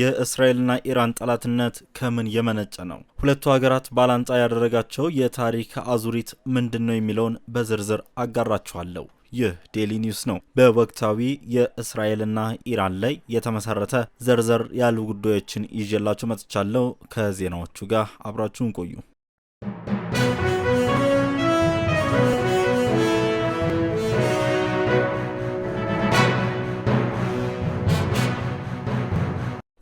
የእስራኤልና ኢራን ጠላትነት ከምን የመነጨ ነው? ሁለቱ ሀገራት ባላንጣ ያደረጋቸው የታሪክ አዙሪት ምንድን ነው የሚለውን በዝርዝር አጋራችኋለሁ። ይህ ዴሊ ኒውስ ነው። በወቅታዊ የእስራኤልና ኢራን ላይ የተመሰረተ ዘርዘር ያሉ ጉዳዮችን ይዤላችሁ መጥቻለሁ። ከዜናዎቹ ጋር አብራችሁን ቆዩ።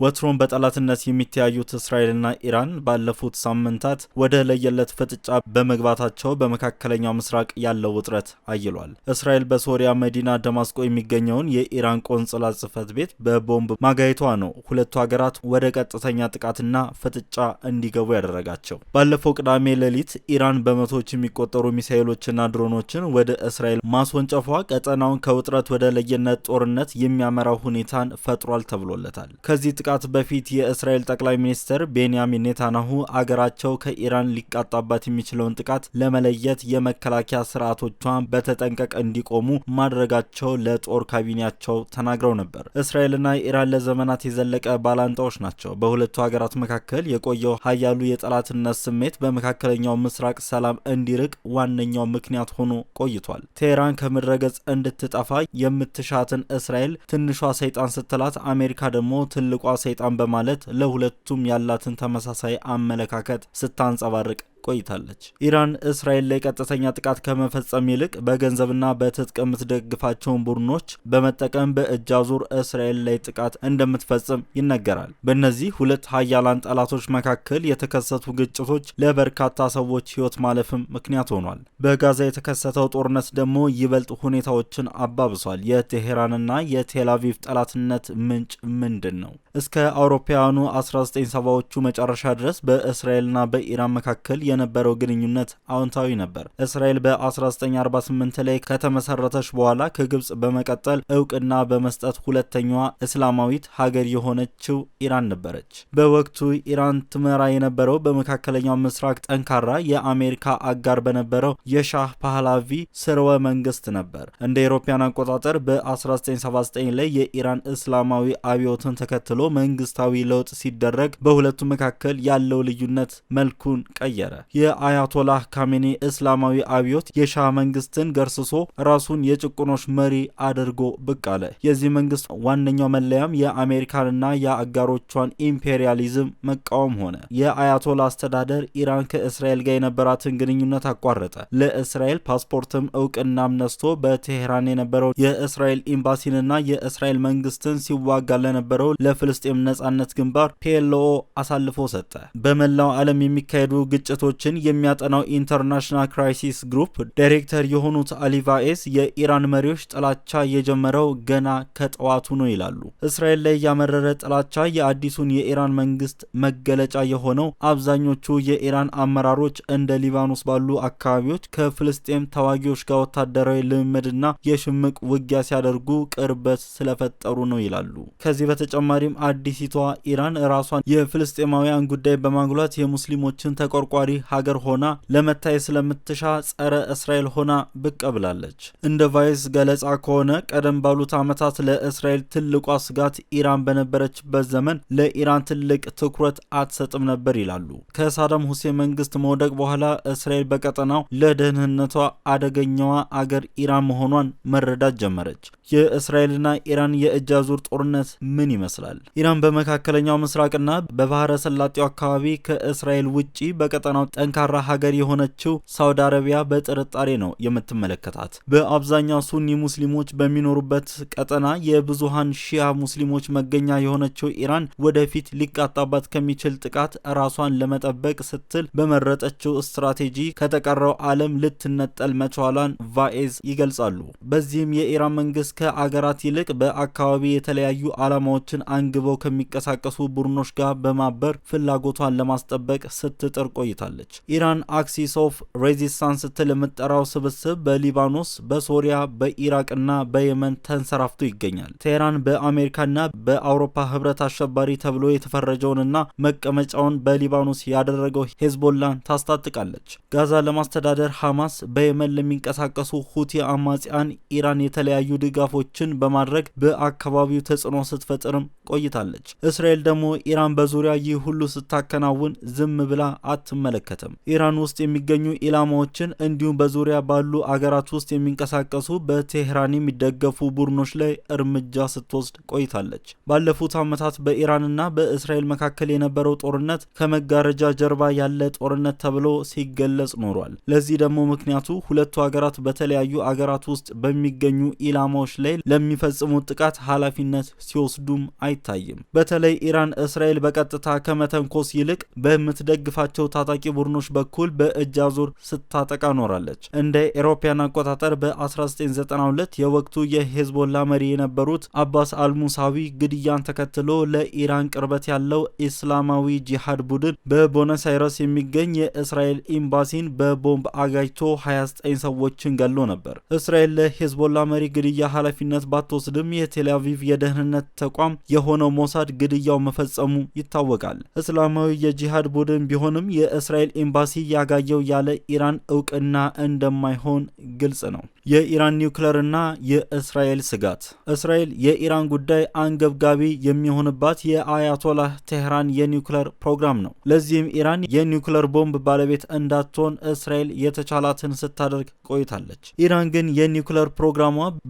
ወትሮም በጠላትነት የሚተያዩት እስራኤልና ኢራን ባለፉት ሳምንታት ወደ ለየለት ፍጥጫ በመግባታቸው በመካከለኛው ምስራቅ ያለው ውጥረት አይሏል። እስራኤል በሶሪያ መዲና ደማስቆ የሚገኘውን የኢራን ቆንጽላ ጽህፈት ቤት በቦምብ ማጋየቷ ነው ሁለቱ ሀገራት ወደ ቀጥተኛ ጥቃትና ፍጥጫ እንዲገቡ ያደረጋቸው። ባለፈው ቅዳሜ ሌሊት ኢራን በመቶዎች የሚቆጠሩ ሚሳኤሎችና ድሮኖችን ወደ እስራኤል ማስወንጨፏ ቀጠናውን ከውጥረት ወደ ለየነት ጦርነት የሚያመራው ሁኔታን ፈጥሯል ተብሎለታል። ከዚህ ከመጥቃት በፊት የእስራኤል ጠቅላይ ሚኒስትር ቤንያሚን ኔታናሁ አገራቸው ከኢራን ሊቃጣባት የሚችለውን ጥቃት ለመለየት የመከላከያ ስርዓቶቿን በተጠንቀቅ እንዲቆሙ ማድረጋቸው ለጦር ካቢኔያቸው ተናግረው ነበር። እስራኤልና ኢራን ለዘመናት የዘለቀ ባላንጣዎች ናቸው። በሁለቱ ሀገራት መካከል የቆየው ሀያሉ የጠላትነት ስሜት በመካከለኛው ምስራቅ ሰላም እንዲርቅ ዋነኛው ምክንያት ሆኖ ቆይቷል። ቴህራን ከምድረ ገጽ እንድትጠፋ የምትሻትን እስራኤል ትንሿ ሰይጣን ስትላት፣ አሜሪካ ደግሞ ትልቋ ሰይጣን በማለት ለሁለቱም ያላትን ተመሳሳይ አመለካከት ስታንጸባርቅ ቆይታለች። ኢራን እስራኤል ላይ ቀጥተኛ ጥቃት ከመፈጸም ይልቅ በገንዘብና በትጥቅ የምትደግፋቸውን ቡድኖች በመጠቀም በእጅ አዙር እስራኤል ላይ ጥቃት እንደምትፈጽም ይነገራል። በእነዚህ ሁለት ሀያላን ጠላቶች መካከል የተከሰቱ ግጭቶች ለበርካታ ሰዎች ሕይወት ማለፍም ምክንያት ሆኗል። በጋዛ የተከሰተው ጦርነት ደግሞ ይበልጥ ሁኔታዎችን አባብሷል። የቴሄራንና የቴላቪቭ ጠላትነት ምንጭ ምንድን ነው? እስከ አውሮፓውያኑ 1970ዎቹ መጨረሻ ድረስ በእስራኤልና በኢራን መካከል የነበረው ግንኙነት አዎንታዊ ነበር። እስራኤል በ1948 ላይ ከተመሰረተች በኋላ ከግብጽ በመቀጠል እውቅና በመስጠት ሁለተኛዋ እስላማዊት ሀገር የሆነችው ኢራን ነበረች። በወቅቱ ኢራን ትመራ የነበረው በመካከለኛው ምስራቅ ጠንካራ የአሜሪካ አጋር በነበረው የሻህ ፓህላቪ ስርወ መንግስት ነበር። እንደ አውሮፓውያን አቆጣጠር በ1979 ላይ የኢራን እስላማዊ አብዮትን ተከትሎ መንግስታዊ ለውጥ ሲደረግ በሁለቱ መካከል ያለው ልዩነት መልኩን ቀየረ። የአያቶላህ ካሜኔ እስላማዊ አብዮት የሻህ መንግስትን ገርስሶ ራሱን የጭቁኖች መሪ አድርጎ ብቅ አለ። የዚህ መንግስት ዋነኛው መለያም የአሜሪካንና የአጋሮቿን ኢምፔሪያሊዝም መቃወም ሆነ። የአያቶላ አስተዳደር ኢራን ከእስራኤል ጋር የነበራትን ግንኙነት አቋረጠ። ለእስራኤል ፓስፖርትም እውቅናም ነስቶ በቴሄራን የነበረው የእስራኤል ኤምባሲንና የእስራኤል መንግስትን ሲዋጋ ለነበረው ለፍልስጤም ነጻነት ግንባር ፒኤልኦ አሳልፎ ሰጠ። በመላው ዓለም የሚካሄዱ ግጭቶች ጥናቶችን የሚያጠናው ኢንተርናሽናል ክራይሲስ ግሩፕ ዳይሬክተር የሆኑት አሊቫኤስ የኢራን መሪዎች ጥላቻ የጀመረው ገና ከጠዋቱ ነው ይላሉ። እስራኤል ላይ ያመረረ ጥላቻ የአዲሱን የኢራን መንግስት መገለጫ የሆነው አብዛኞቹ የኢራን አመራሮች እንደ ሊባኖስ ባሉ አካባቢዎች ከፍልስጤም ተዋጊዎች ጋር ወታደራዊ ልምምድና የሽምቅ ውጊያ ሲያደርጉ ቅርበት ስለፈጠሩ ነው ይላሉ። ከዚህ በተጨማሪም አዲሲቷ ኢራን ራሷን የፍልስጤማውያን ጉዳይ በማጉላት የሙስሊሞችን ተቆርቋሪ ሀገር ሆና ለመታየት ስለምትሻ ጸረ እስራኤል ሆና ብቅ ብላለች። እንደ ቫይስ ገለጻ ከሆነ ቀደም ባሉት ዓመታት ለእስራኤል ትልቋ ስጋት ኢራን በነበረችበት ዘመን ለኢራን ትልቅ ትኩረት አትሰጥም ነበር ይላሉ። ከሳዳም ሁሴን መንግስት መውደቅ በኋላ እስራኤል በቀጠናው ለደህንነቷ አደገኛዋ አገር ኢራን መሆኗን መረዳት ጀመረች። የእስራኤልና ኢራን የእጅ አዙር ጦርነት ምን ይመስላል? ኢራን በመካከለኛው ምስራቅና በባህረ ሰላጤው አካባቢ ከእስራኤል ውጪ በቀጠናው ጠንካራ ሀገር የሆነችው ሳውዲ አረቢያ በጥርጣሬ ነው የምትመለከታት። በአብዛኛው ሱኒ ሙስሊሞች በሚኖሩበት ቀጠና የብዙሃን ሺያ ሙስሊሞች መገኛ የሆነችው ኢራን ወደፊት ሊቃጣባት ከሚችል ጥቃት ራሷን ለመጠበቅ ስትል በመረጠችው ስትራቴጂ ከተቀረው ዓለም ልትነጠል መቻሏን ቫኤዝ ይገልጻሉ። በዚህም የኢራን መንግስት ከአገራት ይልቅ በአካባቢ የተለያዩ ዓላማዎችን አንግበው ከሚቀሳቀሱ ቡድኖች ጋር በማበር ፍላጎቷን ለማስጠበቅ ስትጥር ቆይታለች። ትገኛለች። ኢራን አክሲስ ኦፍ ሬዚስታንስ ስትል የምትጠራው ስብስብ በሊባኖስ፣ በሶሪያ፣ በኢራቅና በየመን ተንሰራፍቶ ይገኛል። ቴህራን በአሜሪካና በአውሮፓ ህብረት አሸባሪ ተብሎ የተፈረጀውንና መቀመጫውን በሊባኖስ ያደረገው ሄዝቦላን ታስታጥቃለች። ጋዛ ለማስተዳደር ሐማስ፣ በየመን ለሚንቀሳቀሱ ሁቲ አማጽያን ኢራን የተለያዩ ድጋፎችን በማድረግ በአካባቢው ተጽዕኖ ስትፈጥርም ቆይታለች። እስራኤል ደግሞ ኢራን በዙሪያ ይህ ሁሉ ስታከናውን ዝም ብላ አትመለከት አይመለከትም። ኢራን ውስጥ የሚገኙ ኢላማዎችን እንዲሁም በዙሪያ ባሉ አገራት ውስጥ የሚንቀሳቀሱ በቴህራን የሚደገፉ ቡድኖች ላይ እርምጃ ስትወስድ ቆይታለች። ባለፉት ዓመታት በኢራንና በእስራኤል መካከል የነበረው ጦርነት ከመጋረጃ ጀርባ ያለ ጦርነት ተብሎ ሲገለጽ ኖሯል። ለዚህ ደግሞ ምክንያቱ ሁለቱ ሀገራት በተለያዩ አገራት ውስጥ በሚገኙ ኢላማዎች ላይ ለሚፈጽሙት ጥቃት ኃላፊነት ሲወስዱም አይታይም። በተለይ ኢራን እስራኤል በቀጥታ ከመተንኮስ ይልቅ በምትደግፋቸው ታጣቂ ታጣቂ ቡድኖች በኩል በእጅ አዙር ስታጠቃ ኖራለች። እንደ ኤሮፓያን አቆጣጠር በ1992 የወቅቱ የሄዝቦላ መሪ የነበሩት አባስ አልሙሳዊ ግድያን ተከትሎ ለኢራን ቅርበት ያለው ኢስላማዊ ጂሃድ ቡድን በቦነስ አይረስ የሚገኝ የእስራኤል ኤምባሲን በቦምብ አጋጅቶ 29 ሰዎችን ገሎ ነበር። እስራኤል ለሄዝቦላ መሪ ግድያ ኃላፊነት ባትወስድም የቴልአቪቭ የደህንነት ተቋም የሆነው ሞሳድ ግድያው መፈጸሙ ይታወቃል። እስላማዊ የጂሃድ ቡድን ቢሆንም የእስራኤል የእስራኤል ኤምባሲ ያጋየው ያለ ኢራን እውቅና እንደማይሆን ግልጽ ነው። የኢራን ኒውክለርና የእስራኤል ስጋት። እስራኤል የኢራን ጉዳይ አንገብጋቢ የሚሆንባት የአያቶላህ ቴህራን የኒውክለር ፕሮግራም ነው። ለዚህም ኢራን የኒውክለር ቦምብ ባለቤት እንዳትሆን እስራኤል የተቻላትን ስታደርግ ቆይታለች። ኢራን ግን የኒውክለር ፕሮግራሟ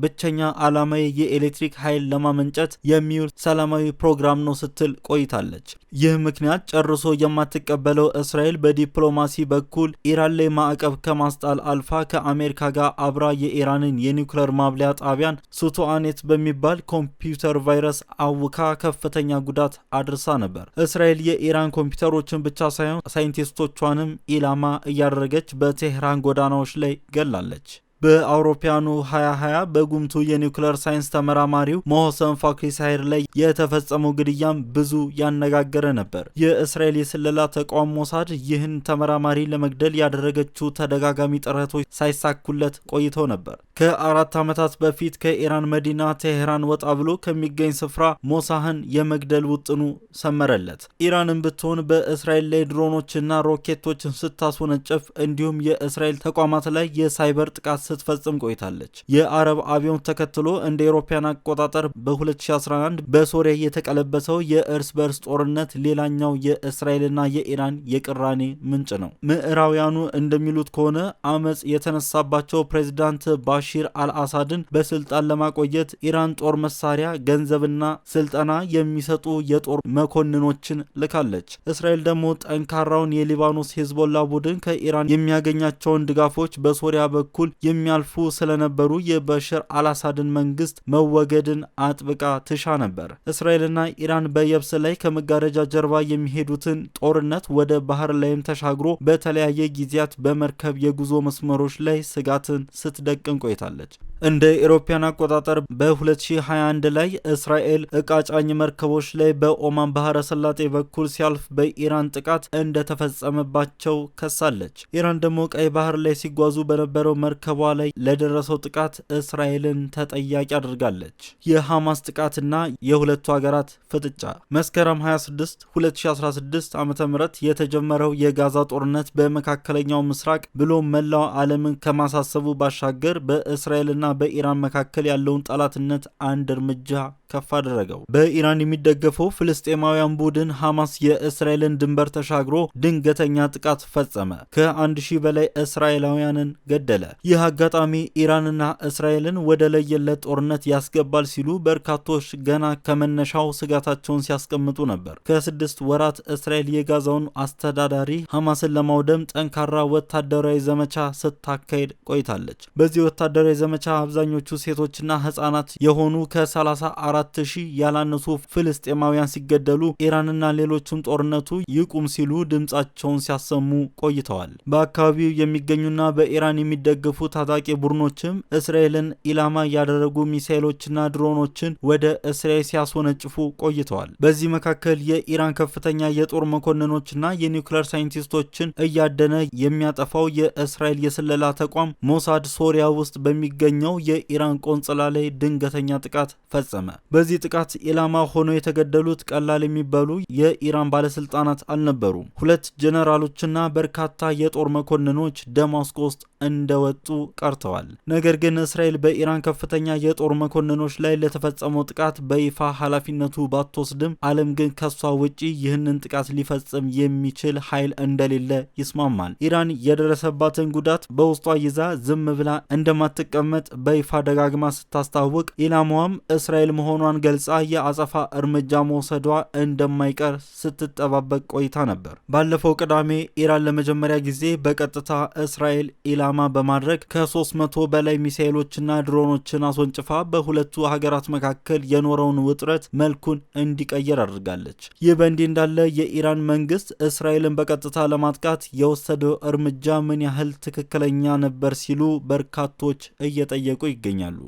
ብቸኛ ዓላማዊ የኤሌክትሪክ ኃይል ለማመንጨት የሚውል ሰላማዊ ፕሮግራም ነው ስትል ቆይታለች። ይህ ምክንያት ጨርሶ የማትቀበለው እስራኤል በዲፕሎማሲ በኩል ኢራን ላይ ማዕቀብ ከማስጣል አልፋ ከአሜሪካ ጋር አብራ የኢራንን የኒውክለር ማብለያ ጣቢያን ሱቱአኔት በሚባል ኮምፒውተር ቫይረስ አውካ ከፍተኛ ጉዳት አድርሳ ነበር። እስራኤል የኢራን ኮምፒውተሮችን ብቻ ሳይሆን ሳይንቲስቶቿንም ኢላማ እያደረገች በቴህራን ጎዳናዎች ላይ ገላለች። በአውሮፓውያኑ 2020 በጉምቱ የኒውክሌር ሳይንስ ተመራማሪው መሆሰን ፋክሪ ሳይር ላይ የተፈጸመው ግድያም ብዙ ያነጋገረ ነበር። የእስራኤል የስለላ ተቋም ሞሳድ ይህን ተመራማሪ ለመግደል ያደረገችው ተደጋጋሚ ጥረቶች ሳይሳኩለት ቆይቶ ነበር። ከአራት ዓመታት በፊት ከኢራን መዲና ቴሄራን ወጣ ብሎ ከሚገኝ ስፍራ ሞሳህን የመግደል ውጥኑ ሰመረለት። ኢራንን ብትሆን በእስራኤል ላይ ድሮኖችና ሮኬቶችን ስታስወነጨፍ እንዲሁም የእስራኤል ተቋማት ላይ የሳይበር ጥቃት ስትፈጽም ቆይታለች። የአረብ አብዮት ተከትሎ እንደ አውሮፓውያን አቆጣጠር በ2011 በሶሪያ የተቀለበሰው የእርስ በርስ ጦርነት ሌላኛው የእስራኤልና የኢራን የቅራኔ ምንጭ ነው። ምዕራውያኑ እንደሚሉት ከሆነ አመፅ የተነሳባቸው ፕሬዚዳንት ባሺር አልአሳድን በስልጣን ለማቆየት ኢራን ጦር መሳሪያ፣ ገንዘብና ስልጠና የሚሰጡ የጦር መኮንኖችን ልካለች። እስራኤል ደግሞ ጠንካራውን የሊባኖስ ሄዝቦላ ቡድን ከኢራን የሚያገኛቸውን ድጋፎች በሶሪያ በኩል የሚ የሚያልፉ ስለነበሩ የበሽር አላሳድን መንግስት መወገድን አጥብቃ ትሻ ነበር። እስራኤልና ኢራን በየብስ ላይ ከመጋረጃ ጀርባ የሚሄዱትን ጦርነት ወደ ባህር ላይም ተሻግሮ በተለያየ ጊዜያት በመርከብ የጉዞ መስመሮች ላይ ስጋትን ስትደቅን ቆይታለች። እንደ ኢሮፓያን አቆጣጠር በ2021 ላይ እስራኤል እቃ ጫኝ መርከቦች ላይ በኦማን ባህረ ሰላጤ በኩል ሲያልፍ በኢራን ጥቃት እንደተፈጸመባቸው ከሳለች። ኢራን ደግሞ ቀይ ባህር ላይ ሲጓዙ በነበረው መርከቧ ላይ ለደረሰው ጥቃት እስራኤልን ተጠያቂ አድርጋለች። የሐማስ ጥቃትና የሁለቱ ሀገራት ፍጥጫ መስከረም 26 2016 ዓ ም የተጀመረው የጋዛ ጦርነት በመካከለኛው ምስራቅ ብሎ መላው ዓለምን ከማሳሰቡ ባሻገር በእስራኤልና በኢራን መካከል ያለውን ጠላትነት አንድ እርምጃ ከፍ አደረገው። በኢራን የሚደገፈው ፍልስጤማውያን ቡድን ሐማስ የእስራኤልን ድንበር ተሻግሮ ድንገተኛ ጥቃት ፈጸመ። ከአንድ ሺህ በላይ እስራኤላውያንን ገደለ። ይህ አጋጣሚ ኢራንና እስራኤልን ወደ ለየለት ጦርነት ያስገባል ሲሉ በርካቶች ገና ከመነሻው ስጋታቸውን ሲያስቀምጡ ነበር። ከስድስት ወራት እስራኤል የጋዛውን አስተዳዳሪ ሐማስን ለማውደም ጠንካራ ወታደራዊ ዘመቻ ስታካሄድ ቆይታለች። በዚህ ወታደራዊ ዘመቻ አብዛኞቹ ሴቶችና ህጻናት የሆኑ ከ34 ከ ሺህ ያላነሱ ፍልስጤማውያን ሲገደሉ ኢራንና ሌሎችም ጦርነቱ ይቁም ሲሉ ድምጻቸውን ሲያሰሙ ቆይተዋል። በአካባቢው የሚገኙና በኢራን የሚደገፉ ታጣቂ ቡድኖችም እስራኤልን ኢላማ ያደረጉ ሚሳይሎችና ድሮኖችን ወደ እስራኤል ሲያስወነጭፉ ቆይተዋል። በዚህ መካከል የኢራን ከፍተኛ የጦር መኮንኖችና የኒውክሌር ሳይንቲስቶችን እያደነ የሚያጠፋው የእስራኤል የስለላ ተቋም ሞሳድ ሶሪያ ውስጥ በሚገኘው የኢራን ቆንጽላ ላይ ድንገተኛ ጥቃት ፈጸመ። በዚህ ጥቃት ኢላማ ሆነው የተገደሉት ቀላል የሚባሉ የኢራን ባለስልጣናት አልነበሩም። ሁለት ጀነራሎችና በርካታ የጦር መኮንኖች ደማስቆ ውስጥ እንደወጡ ቀርተዋል። ነገር ግን እስራኤል በኢራን ከፍተኛ የጦር መኮንኖች ላይ ለተፈጸመው ጥቃት በይፋ ኃላፊነቱ ባትወስድም ዓለም ግን ከሷ ውጪ ይህንን ጥቃት ሊፈጽም የሚችል ኃይል እንደሌለ ይስማማል። ኢራን የደረሰባትን ጉዳት በውስጧ ይዛ ዝም ብላ እንደማትቀመጥ በይፋ ደጋግማ ስታስታውቅ ኢላማዋም እስራኤል መሆኗን ገልጻ የአጸፋ እርምጃ መውሰዷ እንደማይቀር ስትጠባበቅ ቆይታ ነበር። ባለፈው ቅዳሜ ኢራን ለመጀመሪያ ጊዜ በቀጥታ እስራኤል ኢላ ኢላማ በማድረግ ከ300 በላይ ሚሳኤሎችና ድሮኖችን አስወንጭፋ በሁለቱ ሀገራት መካከል የኖረውን ውጥረት መልኩን እንዲቀየር አድርጋለች። ይህ በእንዲህ እንዳለ የኢራን መንግስት እስራኤልን በቀጥታ ለማጥቃት የወሰደው እርምጃ ምን ያህል ትክክለኛ ነበር ሲሉ በርካቶች እየጠየቁ ይገኛሉ።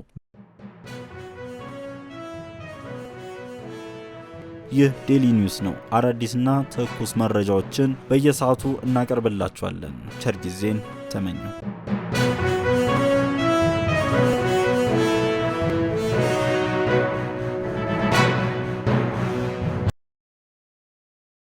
ይህ ዴሊ ኒውስ ነው። አዳዲስና ትኩስ መረጃዎችን በየሰዓቱ እናቀርብላችኋለን። ቸር ጊዜን ተመኘው።